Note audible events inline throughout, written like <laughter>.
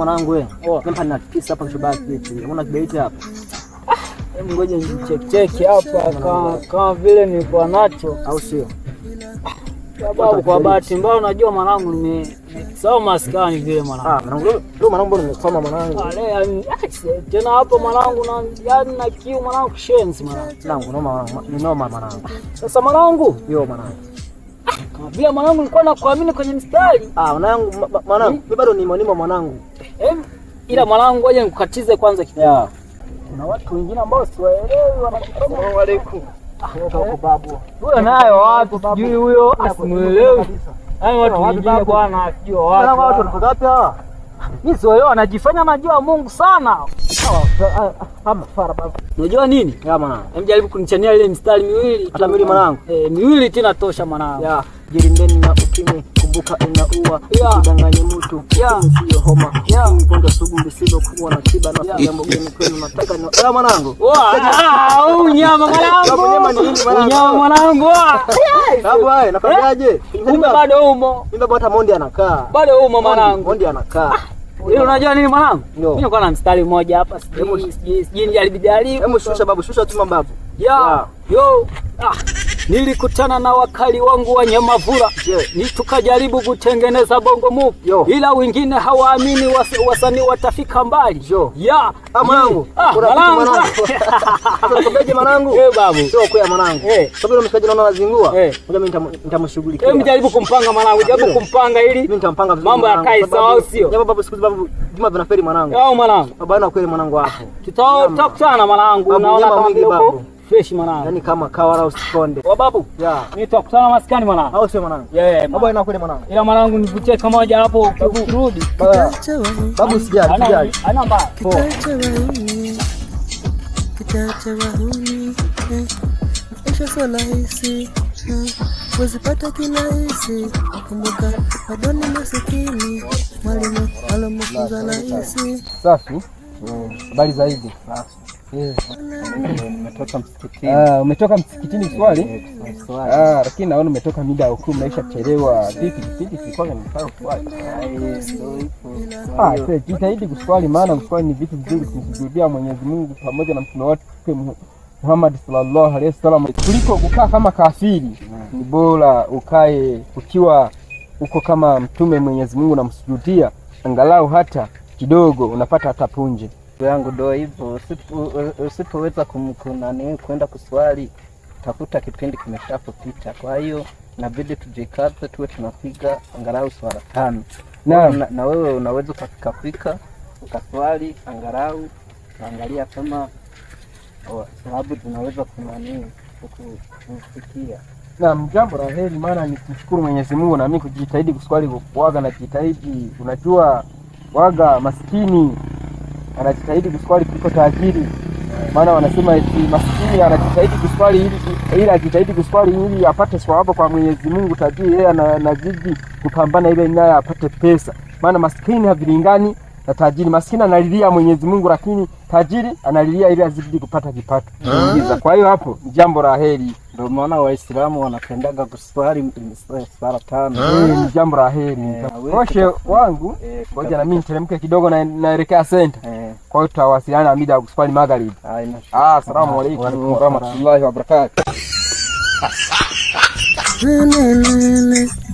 mwanangu wewe. Oh, na hapa kishobaki Unaona hapa. Ah, ngoja hapa kama vile nilikuwa nacho au sio? Sababu kwa bahati mbaya unajua mwanangu ni sawa maskani vile mwanangu. Ah, mwanangu ndio mwanangu mwanangu. Ah, tena hapo mwanangu na yani na kiu mwanangu shenzi mwanangu. Noma ni noma mwanangu. Sasa mwanangu? Yo mwanangu. Ah, kama mwanangu nilikuwa nakuamini kwenye mstari. Ah, mwanangu mwanangu hmm? bado ni mwanimo mwanangu eh? Ila mwanangu, ngoja nikukatize kwanza Yeah. Kuna watu wengine ambao siwaelewi wanachosema. Asalamu alaykum. Ah, eh? Huyo nayo watu sijui huyo asimuelewi. Hayo watu wengine bwana sio watu. Watu wako wapi hawa? Mimi sio yeye anajifanya anajua Mungu sana. Kama eh, eh, fara baba. Unajua nini? Ya mwanangu. Hem jaribu kunichania ile mstari miwili. Hata miwili mwanangu. Eh, miwili tena tosha mwanangu. Ya, jirindeni na ukimwi kukumbuka inaua, kudanganya mtu sio homa, ponda sugu lisilokuwa na tiba na mgeni <laughs> kwenu nataka na mwanangu. Ah, Unyama mwanangu, nafanyaje? Ah. Eh, eh? Bado umo hata Mondi anakaa, bado umo mwanangu, Mondi anakaa Hilo ah. unajua nini mwanangu? No. Mimi niko na mstari mmoja hapa. Sijui sijui jaribu jaribu. Hebu shusha babu, shusha tuma babu. Yeah. Wow. Yo, ah, nilikutana na wakali wangu wa Nyamavura yeah. Ni tukajaribu kutengeneza bongo move ila wengine hawaamini wasanii watafika mbali yo. ya hmm. ah, mwanangu <laughs> mwanangu, mjaribu kumpanga mwanangu, jaribu kumpanga ili mambo yakae sawa, au sio? Mwanangu tutakutana mwanangu, naona kama fresh mwanangu yaani maskani kama Kawara usikonde. Wababu. Yeah. Mimi tutakutana maskani mwanangu. Au sio mwanangu? Yeah. Babu ina mwanangu. Ila mwanangu nivutie kama moja hapo kurudi. Babu sijali, sijali. Ana mbaya. Eh, eh, Kumbuka Mwalimu alomfunza Safi. Mm, habari zaidi. Safi. Umetoka msikitini ah, kuswali, eh, ah, lakini naona umetoka mida ukuu, maisha chelewa. Vipi kipindi kilikuwa kuswali? Ah, eh, jitahidi kuswali, maana kuswali ni vitu vizuri, kumsujudia Mwenyezi Mungu pamoja na mtume wake Muhammad sallallahu alaihi wasallam, kuliko kukaa kama kafiri. Hmm. Ni bora ukae ukiwa uko kama mtume Mwenyezi Mungu, namsujudia angalau hata kidogo, unapata hata punje yangu ndo hivyo, usipoweza kumkunani kwenda kuswali takuta kipindi kimeshapopita. Kwa hiyo inabidi tujikaze, tuwe tunapiga angalau swala tano na, na, wewe unaweza ukafikafika ukaswali angalau unaangalia kama oh, sababu tunaweza kunani kufikia na jambo la heri, maana ni kumshukuru Mwenyezi Mungu na mimi kujitahidi kuswali waga, najitahidi. Unajua waga maskini anajitahidi kuswali kuliko tajiri. Maana wanasema eti maskini anajitahidi kuswali ili ili ajitahidi kuswali ili apate thawabu kwa Mwenyezi Mungu, tajiri yeye anajiji kupambana ile naye apate pesa. Maana maskini havilingani na tajiri. Maskini analilia Mwenyezi Mungu, lakini tajiri analilia ili azidi kupata kipato kuingiza. Ah. Kwa hiyo hapo jambo la heri, ndio maana Waislamu wanapendaga kuswali sala tano. Ah. Ni jambo la heri. Eh, Oshe wangu, eh, ngoja na mimi niteremke kidogo, naelekea senta. Eh. Kwa hiyo tutawasiliana mida ya kuswali magharibi. Ah, asalamu ah, alaykum wa rahmatullahi wa barakatuh. <laughs>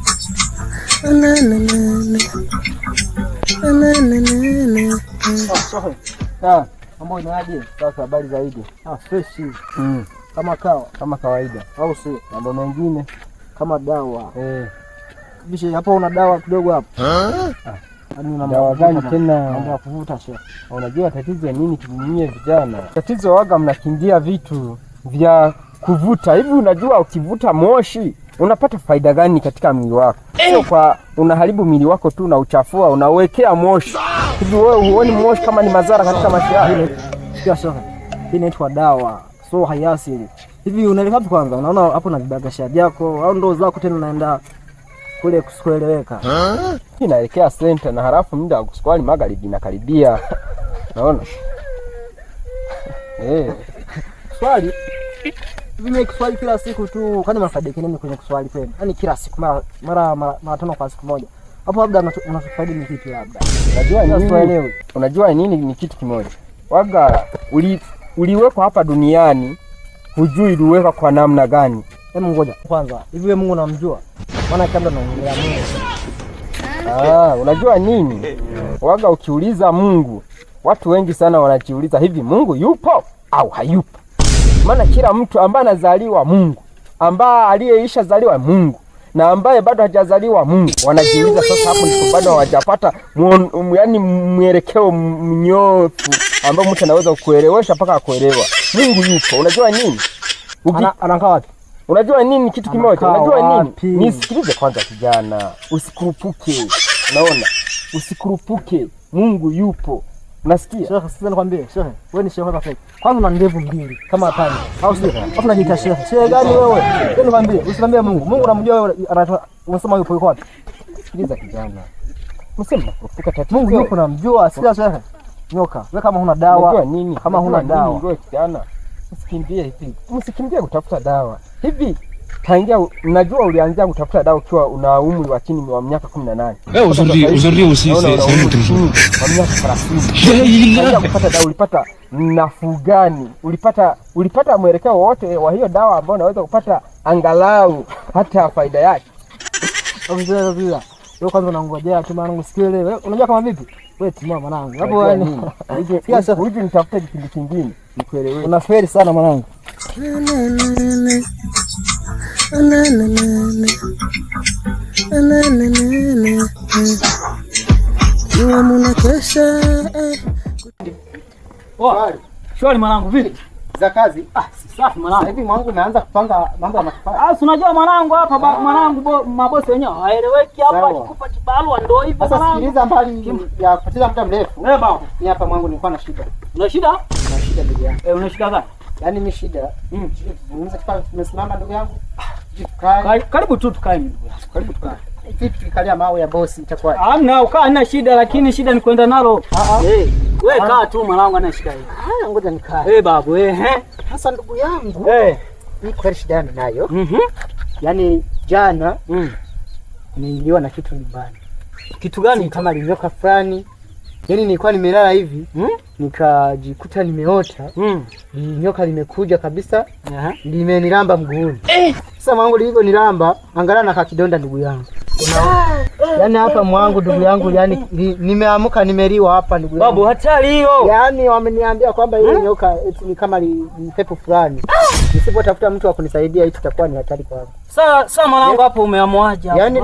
Mambo inaje sasa? Habari zaidi ah, fresh mm. kama kawa kama kawaida, au si mambo mengine kama dawa eh? Bisha hapo, una dawa kidogo hapo. Ah, dawa gani tena? Kuvuta shehe. Unajua tatizo nini? Tunyie vijana, tatizo waga mnakimbia vitu vya kuvuta hivi. Unajua, ukivuta moshi unapata faida gani katika mwili wako? Sio kwa unaharibu mwili wako tu na uchafua, unawekea moshi hivi. Wewe huoni moshi kama ni madhara katika maisha yako? Hii inaitwa dawa, so hayasili hivi. Unalivapi kwanza? Unaona hapo na vibagasha vyako au ndoo zako, tena unaenda kule kusikueleweka. Hii naelekea senta na halafu muda wa kuswali magharibi inakaribia. Naona eh swali mimi nikiswali kila siku tu, kwani mafaida yake nini kwenye kuswali kwenu? Yaani kila siku mara mara mara tano kwa siku moja. Hapo labda unafaidi ni kitu labda. Unajua nini? Unajua nini ni kitu kimoja. Waga uli uliwekwa hapa duniani hujui uliwekwa kwa namna gani. Hebu ngoja kwanza. Hivi wewe Mungu unamjua? Maana kabla unaongelea Mungu. Ah, unajua nini? Waga ukiuliza Mungu, watu wengi sana wanajiuliza hivi Mungu yupo au hayupo? maana kila mtu ambaye anazaliwa Mungu, ambaye aliyeisha zaliwa Mungu na ambaye bado hajazaliwa Mungu wanajiuliza sasa, hapo ndipo bado hawajapata um, yaani mwelekeo mnyofu ambao mtu anaweza kuelewesha mpaka akuelewa. Mungu yupo. Unajua nini? Anakaa wapi? Unajua nini? Kitu kimoja. Unajua nini? Nisikilize kwanza, kijana, usikurupuke. Unaona, usikurupuke. Mungu yupo. Unasikia? Sheikh, sasa nikwambie, Sheikh, wewe ni shehe perfect. Kwanza una ndevu mbili kama hapana. Au sio? Alafu unajiita shehe. Shehe gani wewe? Wewe nikwambie, usiniambie Mungu. Mungu anamjua wewe anatoa unasema yupo yuko wapi? Sikiliza kijana. Msema kurupuka tatizo. Mungu yuko namjua, sikia shehe. Nyoka. Wewe kama huna dawa, kama huna dawa. Wewe kijana. Usikimbie hivi. Usikimbie kutafuta dawa. Hivi Kaingia, najua ulianza kutafuta dawa ukiwa una umri wa chini wa miaka 18. Eh, uzuri uzuri usisi sehemu tulizo. Kwa kupata dawa ulipata nafuu gani? Ulipata ulipata mwelekeo wote wa hiyo dawa ambayo unaweza kupata angalau hata faida yake. Obviously bila. Wewe kwanza unangojea tu mwanangu sikile. Unajua kama vipi? Wewe timama mwanangu. Hapo yani. <laughs> Sasa huji nitafuta kipindi kingine. Nikuelewe. Unafeli sana mwanangu. Shwari mwanangu, vipi za kazi? Ah, safi mwanangu. Hivi mwanangu umeanza kupanga mambo ya matofali. Ah, unajua mwanangu hapa mwanangu mabosi wenyewe haeleweki hapa, kikupa kibarua ndio hivyo mwanangu. Sasa sikiliza, mbali ya kupoteza muda mrefu. Wewe eh, baba, mimi hapa mwanangu nilikuwa na shida. Una shida? shida ndugu yangu. Eh, una shida gani? Yaani mimi shida. Mm. Tunaweza kipata tumesimama ndugu yangu. Tukae. Karibu tu tukae ndugu yangu. Karibu tukae. Vipi eh, tukalia mawe ya bosi itakuwa? Hamna, ukaa hana shida lakini shida ni kwenda nalo. Ah ah. Eh, wewe ah. kaa tu mwanangu ana shida hiyo. Ah, ngoja nikae. Eh, babu eh. eh. Sasa ndugu yangu. Eh. Ni kweli shida ninayo. Mhm. Yaani jana mm. niliwa na kitu nyumbani. Kitu gani? Kama liloka fulani Yaani nilikuwa nimelala hivi mm? nikajikuta nimeota mm. nyoka limekuja kabisa limeniramba mguuni. Eh! Sasa eh. mwangu lilivyo nilamba, angalau na kakidonda ndugu yangu Yaani hapa mwangu ndugu yangu, yani yaani nimeamka nimeliwa hapa ndugu yangu. Babu hatari hiyo. Yaani wameniambia kwamba hii nyoka ni kama pepo fulani. Nisipotafuta mtu wa kunisaidia hii itakuwa ni hatari kwangu. Sawa sawa, mwanangu hapo umeamwaje hapo? Yaani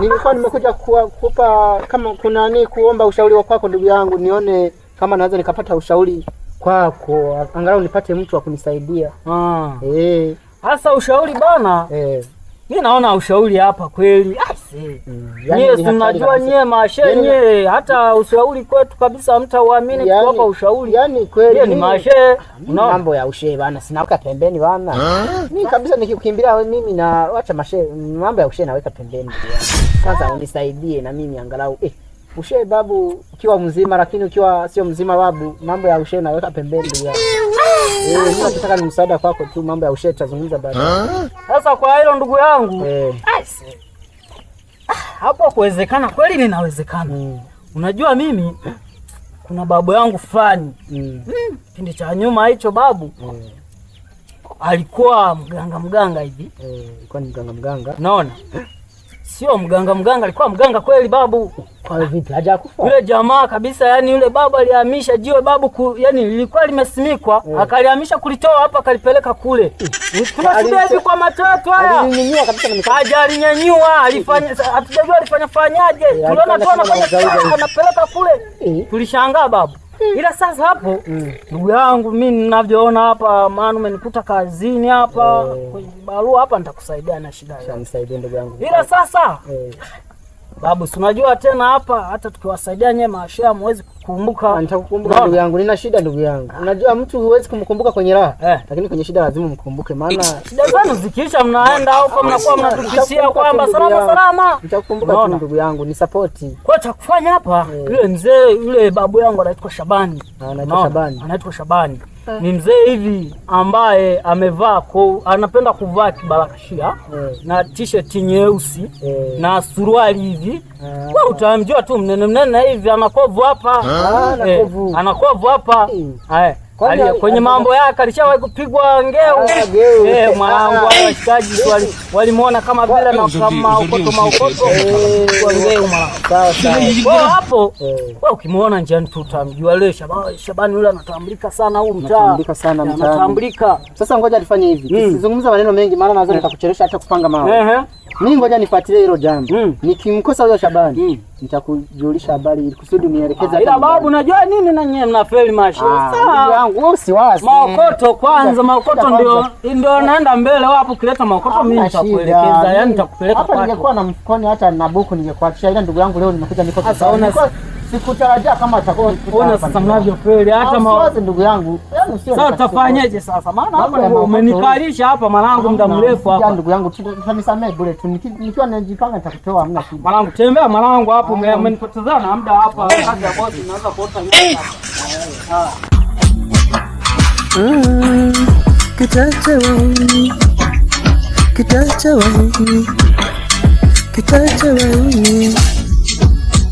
nilikuwa nimekuja kukupa kama kuna nani kuomba ushauri wa kwako, ndugu yangu, nione kama naweza nikapata ushauri kwako, angalau nipate mtu wa kunisaidia. Ah. Eh. Hasa ushauri bana. Eh. Mimi naona ushauri hapa kweli. Ah, mm, nyie si mnajua nyie mashe nyie hata ushauri kwetu kabisa mtauamini yani, kuwapa ushauri. Yaani kweli ni mashe. No. Mambo ya ushe bana sinaweka pembeni bana. Mimi kabisa nikikimbilia mimi na wacha mashe mambo ya ushe naweka pembeni. Kwanza unisaidie na mimi angalau eh ushe babu, ukiwa mzima lakini ukiwa sio mzima babu, mambo ya ushe naweka pembeni. Eh, nataka ni msaada kwako tu, mambo ya ushe tutazungumza baadaye. Sasa kwa hilo ndugu yangu eh, ah, hapo kuwezekana kweli ninawezekana. Mm. Unajua mimi kuna babu yangu fulani mm. mm. cha nyuma hicho babu mm. alikuwa mganga mganga hivi eh, alikuwa ni mganga mganga, unaona sio mganga. Mganga alikuwa mganga kweli babu. Kwa vipi hajakufa yule jamaa kabisa? Yani yule babu alihamisha jiwe babu ku, yani lilikuwa limesimikwa yeah. Akalihamisha kulitoa hapa akalipeleka kule. Tunashuhudia hivi kwa macho yetu haya, alinyanyua kabisa, hajalinyanyua alifanya, eh. hatujajua alifanya fanyaje. Eh, Tuliona tu anapeleka kule, eh. tulishangaa babu Ila sasa hapo ndugu yangu, mi ninavyoona hapa, maana umenikuta kazini hapa eh. kwenye barua hapa, nitakusaidia na shida yangu, ndugu yangu. Ila sasa eh. babu, si unajua tena hapa, hata tukiwasaidia nyewe maashia mwezi Ah, nitakukumbuka, nitakukumbuka ndugu yangu, nina shida ndugu yangu. Ah. Unajua mtu huwezi kumkumbuka kwenye raha eh, lakini kwenye shida lazima umkumbuke, maana shida zenu zikiisha mnaenda huko ah, mnakuwa mnatufikishia kwamba salama salama. Nitakukumbuka tu ndugu yangu, ni support kwa cha kufanya hapa. Eh. Yule mzee yule babu yangu anaitwa Shabani, anaitwa Shabani, anaitwa Shabani ni mzee hivi ambaye amevaa ko anapenda kuvaa kibarakashia yeah. na t-shirt nyeusi yeah. na suruali hivi, wewe utamjua tu mnene mnene hivi anakovu hapa anakovu eh, hapa kwenye mambo yake alishawahi kupigwa ngeu. Ah, eh, mwanangu ah, ah. washikaji walimwona kama vile na kama ukoto maukoto eh, kwa ngeu mwanangu. Hapo eh. wewe ukimwona njiani tu utamjua leo Shabani yule anatambulika sana huu mtaa. Anatambulika sana mtaa. Anatambulika. Sasa ngoja nifanye hivi. Sizungumza hmm. maneno mengi maana naweza nitakuchelewesha hata kupanga mambo. Mimi ngoja nifuatilie hilo jambo. Hmm. Nikimkosa huyo Shabani hmm nitakujulisha habari ili kusudi nielekeze. Ah, ila babu, najua nini na nyewe mnafeli maisha. Ah, yangu wewe wasi. Maokoto kwanza, maokoto ndio ndio naenda mbele wapo kileta maokoto, mimi nitakuelekeza, yani nitakupeleka hapa. Ningekuwa na mfukoni hata na buku ningekuachia, ila ndugu yangu leo nimekuja niko sasa. Sikutarajia kama atakuona sasa mnavyofeli hata ah, mawazo ndugu yangu. Yaani sasa tutafanyaje sasa? Maana hapa umenikalisha hapa mwanangu muda mrefu hapa. Ndugu yangu tunisamee bure tu. Nikiwa najipanga nitakutoa hamna shida. Mwanangu tembea mwanangu hapo ah. umenipotezana na muda hapa eh. kazi ya bosi naweza kuota nyama. Eh. Ah. Kitacha wauni. Kitacha wauni. Kitacha wauni.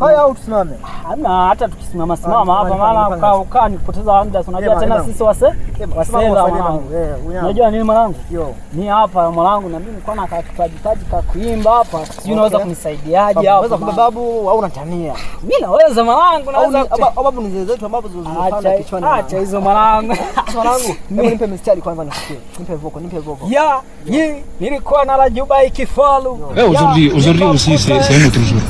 Kaa au tusimame? Hamna, hata tukisimama simama hapa, maana ukaa ukaa ni kupoteza muda. Unajua tena sisi wase wasela, eh, unajua nini mwanangu, mi hapa mwanangu, na mimi kwa na kipaji kipaji ka kuimba hapa, sijui unaweza kunisaidiaje hapo? Unaweza kubabu au unatania? Mimi naweza mwanangu, naweza sababu ni zile zetu ambazo zinafanya kichwani. Acha hizo mwanangu, <laughs> mwanangu, <laughs> hebu nipe mistari kwanza nisikie, nipe voko, nipe voko. Ya, hii nilikuwa na la ikifalu. Wewe eh, uzuri uzuri usisi sehemu nzuri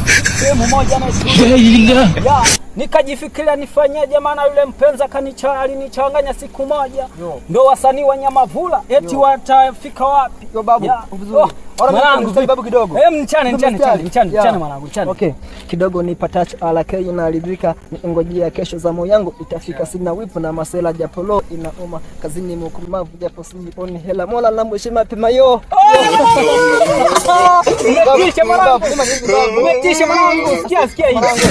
يا nikajifikiria nifanyeje, maana yule mpenza kanicha alinichanganya siku moja. Ndo wasanii wa Nyamavula eti watafika wapi? Yo babu, oh, Mwanangu babu kidogo. Eh, mchane mchane mchane mchane mwanangu mchane. Okay. Kidogo nipa touch ala inaridhika, ningojea kesho zamu yangu itafika, sina wipu na masela japolo inauma. Kazini mkumavu japo siponi hela. Mola na mheshima mapema yo. Oh! Umetisha <laughs> mwanangu. mwanangu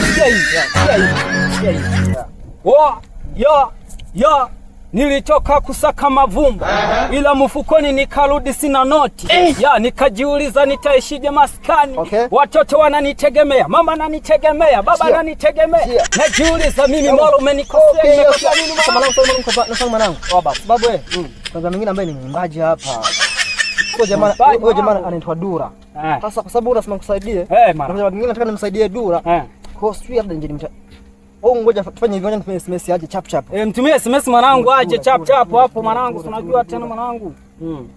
wa ya ya nilitoka kusaka mavumba ila mfukoni nikarudi sina noti eh. Ya nikajiuliza nitaishije maskani okay. Watoto wananitegemea, mama ananitegemea, baba ananitegemea, najiuliza mimi Mola umenikosea mwanangu. Sababu oh, wewe eh, mm. kwanza mwingine ambaye ni mwimbaji hapa huyo jamaa anaitwa Dura. Eh. Sasa kwa sababu unasema kusaidie, eh, mwingine nataka nimsaidie Dura, kwa hiyo sijui labda Oh, ngoja tufanye hivi, ngoja nitumie SMS aje chap chap. Eh, mtumie SMS mwanangu aje chap chap hapo mwanangu, tunajua tena mwanangu. Mm.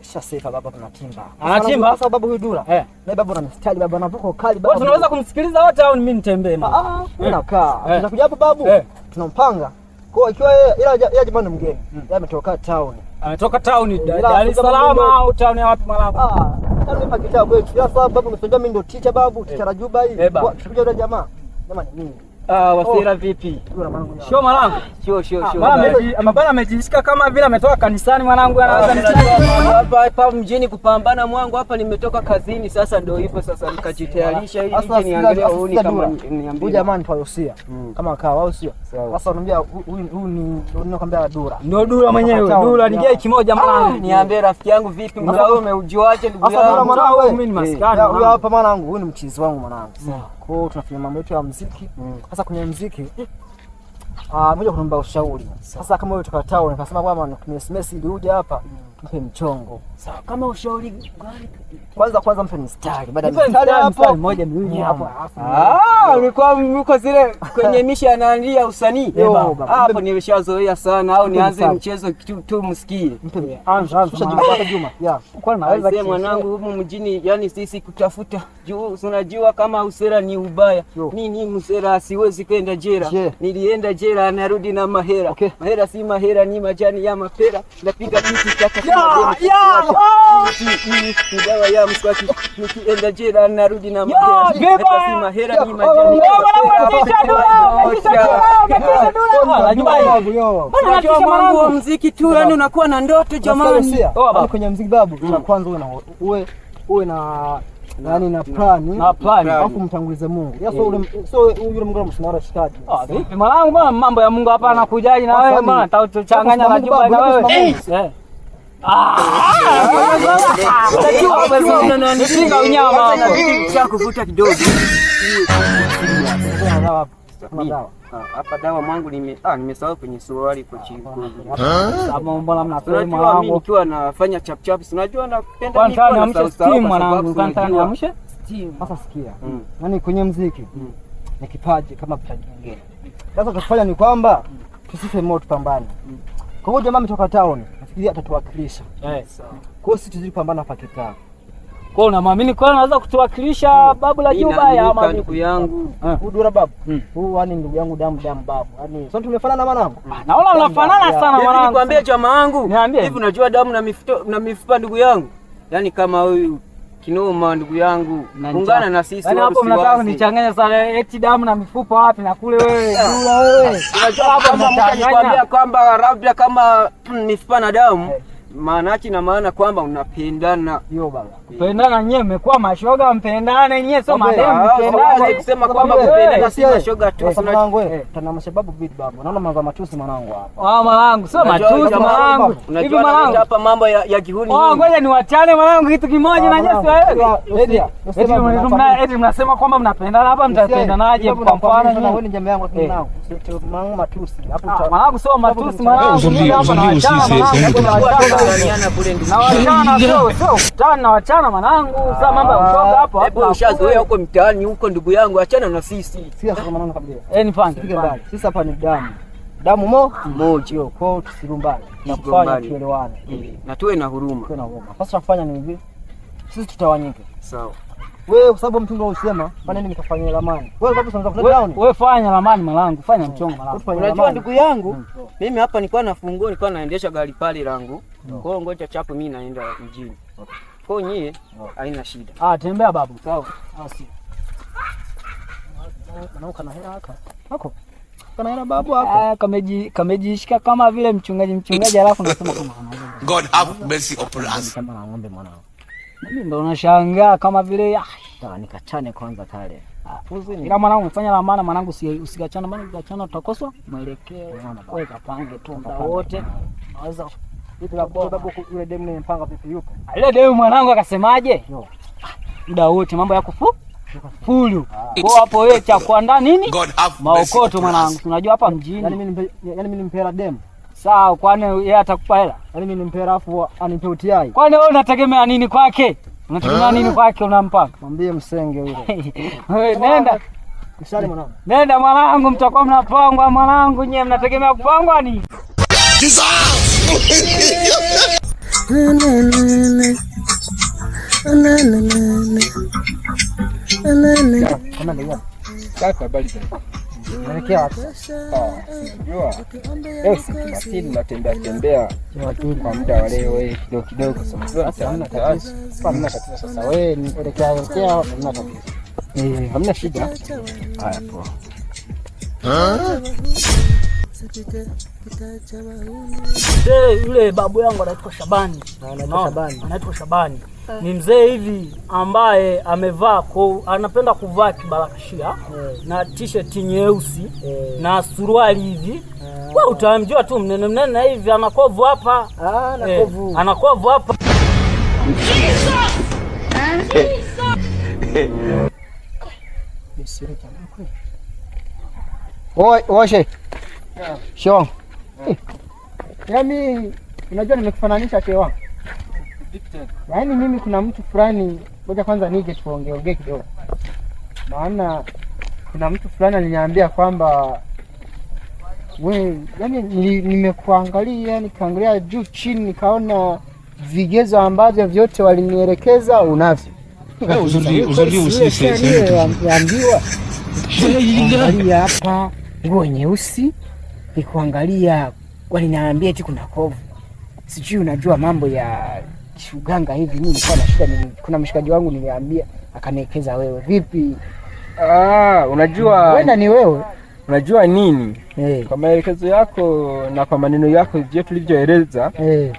Sasa Shasefa baba tunatimba. Anatimba sasa babu huyu Dula. Eh. Na babu ana mstari baba anavuka kali baba. Tunaweza kumsikiliza wote au mimi nitembee? Ah, wewe ah, eh. unakaa. Eh. Tunakuja hapo babu. Eh. Tunampanga. Kwa ikiwa yeye ila ila jamani mgeni. Hmm. Yeye ametoka town. Ametoka town Dar es Salaam au town ya wapi mwanangu? Ah. Kama kitao kwetu. Sasa babu umesema mimi ndo teacher babu, teacher eh. Rajuba hii. Tukikuja na jamaa. Ah, Wasira oh. vipi? Sio mwanangu. Sio sio sio. Mabana amejisikia kama vile ametoka kanisani mwanangu anaanza ah, Hapa hapa mjini kupambana mwangu hapa nimetoka kazini sasa ndio hivyo sasa nikajitayarisha ili nije niangalie huyu kama niambie. Huyu jamani kwa Yosia. Hmm. Kama kawa au sio? Sasa unamwambia huyu ni ninakwambia Dura. Ndio Dura mwenyewe. Dura ni gei kimoja ah! mwanangu. Niambie rafiki yangu vipi? Mbona umeujuaje ndugu yangu? Sasa mwanangu mimi ni eh. maskani. Huyu hapa mwanangu, huyu ni mchizi wangu mwanangu. Kwa hiyo tunafanya mambo yetu ya muziki. Sasa mm. kwenye muziki ah, moja kunomba ushauri. Sasa kama wewe tukatao unasema kwamba kuna SMS uje hapa. Mm. Mpe mchongo. Sawa, kama ushauri gani? Kwanza kwanza mpe mstari. Baada ya mstari hapo moja miwili hapo Ah, ulikuwa mko zile kwenye <laughs> misha anaandia usanii. Hapo nilishazoea sana au nianze mchezo kitu tu msikie. Anza anza. Sasa kwa Juma. Yeah. Kwa naweza kusema mwanangu huko mjini yani sisi kutafuta juu unajua kama usera ni ubaya. Nini msera siwezi kwenda jera. Nilienda jera narudi na mahera. Mahera si mahera ni majani ya mapera. Napiga kitu cha Oh! dawa oh, mziki tu, yani unakuwa na ndoto jamani. Oh, kwenye mziki babu, mm. kwanza uwe na yani na plani na plani, alafu mtangulize Mungu. Sio mm. ule sio yule Mungu msinara shikaji. Ah, vipi mwanangu, mambo ya Mungu hapana kujali na wewe bwana, tauchanganya na jumba na wewe kuvuta kidogo. Hapa dawa mwangu nimesahau kwenye suruali kwa chini. nikiwa nafanya chap chap, si unajua napenda steam mwanangu, steam. Sasa sikia, kwenye muziki ni kipaji kama kipaji kingine. Sasa tafanya ni kwamba tusife moto, tupambane. Kwa hiyo jamaa ametoka town ili atatuwakilisha. Eh. Kwa hiyo sisi tuzidi kupambana kwa kitaa. Kwa unamwamini kwa anaweza kutuwakilisha babu la juu baya ama ndugu yangu. Eh. Udura babu. Hmm. Huu yani ndugu yangu damu damu babu. Yaani sasa tumefanana mwanangu. Ah, naona unafanana sana mwanangu. Nikwambie chama wangu. Hivi unajua damu na mifupa na mifupa ndugu yangu. Yaani kama huyu Kinoma ndugu yangu, ungana na sisi. Yaani hapo mnataka kunichanganya sana eh, eti damu na mifupa wapi na kule wewe. Ah. Unajua hapo mnataka kwamba Rabia kama mifupa na damu eh maana yake na maana kwamba unapendana. Hiyo baba kupendana, nyie mmekuwa mashoga, mpendane nyie, sio madem ah, mpendane. Kusema kwamba eh, kupendana si eh, mashoga tu, eh, mwanangu tuna mashababu vipi baba? Naona mambo matusi mwanangu hapa. Ah, mwanangu sio matusi mwanangu, hivi mwanangu hapa mambo ya kihuni. Ah, ngoja niwachane mwanangu kitu kimoja ah, na nyie, eti mnasema kwamba mnapendana hapa, mtapendanaje? Kwa mfano wewe ni jamaa yangu mwanangu, mwanangu sio matusi mwanangu, hapa na na wachana mwanangu, sasa ah, mambo ya kutoka hapo hapo, ushazoea huko mtaani huko, ndugu yangu, achana na sisi. Eh, sisi hapa ni damu damu mo moja, kwa hiyo tusilumbane, tunafanya tuelewane mm. na tuwe na huruma. Sasa tunafanya ni hivi, sisi tutawanyike, sawa wewe kwa sababu mtundu usema, fanya nini nikafanya ramani. Wewe kwa sababu kuleta down. Wewe fanya ramani malangu, fanya mchongo malangu. Unajua ndugu yangu, hmm. mimi hapa nilikuwa nafungua, nilikuwa naendesha gari pale langu. Hmm. Kwa hiyo ngoja chapu mimi naenda mjini. Kwa hiyo nyie hmm. haina shida. Ah, tembea babu. Sawa. Ah, si. Na na hela haka. Hako. Kana hela babu hako. Ah, kameji kamejishika kama vile mchungaji mchungaji, alafu nasema kama <laughs> God have mercy upon us. Kama ng'ombe mwanao. Mimi ndo nashangaa kama vile ah, nikachane kwanza kale. Ah, Ila mwanangu umefanya la maana mwanangu, usikachana, maana ukachana utakoswa mwelekeo. Weka pange tu muda wote. Naweza yule demu ni mpanga vipi yupo? Ile ah, demu mwanangu akasemaje? Ah, muda wote mambo yako fu fulu. Kwa hapo wewe cha kuandaa nini? Maokoto mwanangu, Unajua hapa yaani mjini. Yaani yaani mimi nimpela demu Sawa, kwani yeye atakupa hela? Yaani mimi nimpe rafu afu anipe UTI. Kwani wewe unategemea nini kwake? Unategemea nini kwake unampa? Mwambie msenge yule. <laughs> Wewe nenda. Kusali mwanangu. Nenda mwanangu, mtakuwa mnapangwa mwanangu, nyewe mnategemea kupangwa ni. Kama ndio. Kaka, habari zako? mwelekeo hapo sawa. Unajua leo tembea kwa muda wa leo eh, kidogo kidogo, hamna tatizo, Sasa wewe ni kuelekea hamna tatizo, eh, hamna shida. Haya, poa yule babu yangu anaitwa Shabani, anaitwa Shabani ni mzee hivi ambaye amevaa anapenda kuvaa kibarakashia na t-shirt nyeusi na suruali hivi ah. Wewe utamjua tu mnene mnene hivi anakovu hapa ah, anakovu. anakovu hapa chefe yeah. Yaani unajua nimekufananisha shee wangu yaani mimi kuna mtu fulani, ngoja kwanza nije tuongeongee kidogo, maana kuna mtu fulani aliniambia kwamba we, yaani nimekuangalia, nikaangalia juu chini, nikaona vigezo ambavyo vyote walinielekeza unavyo eh, yaani ambiwa, hapa, nguo nyeusi nikuangalia, waliniambia eti kuna kovu, sijui unajua mambo ya shuganga hivi. Mimi nilikuwa na shida, kuna mshikaji wangu niliambia, akanielekeza wewe. Vipi? Ah, unajua wenda ni wewe unajua nini? Hey. Eh. Kwa maelekezo yako na kwa maneno yako je, tulivyoeleza hey. Eh.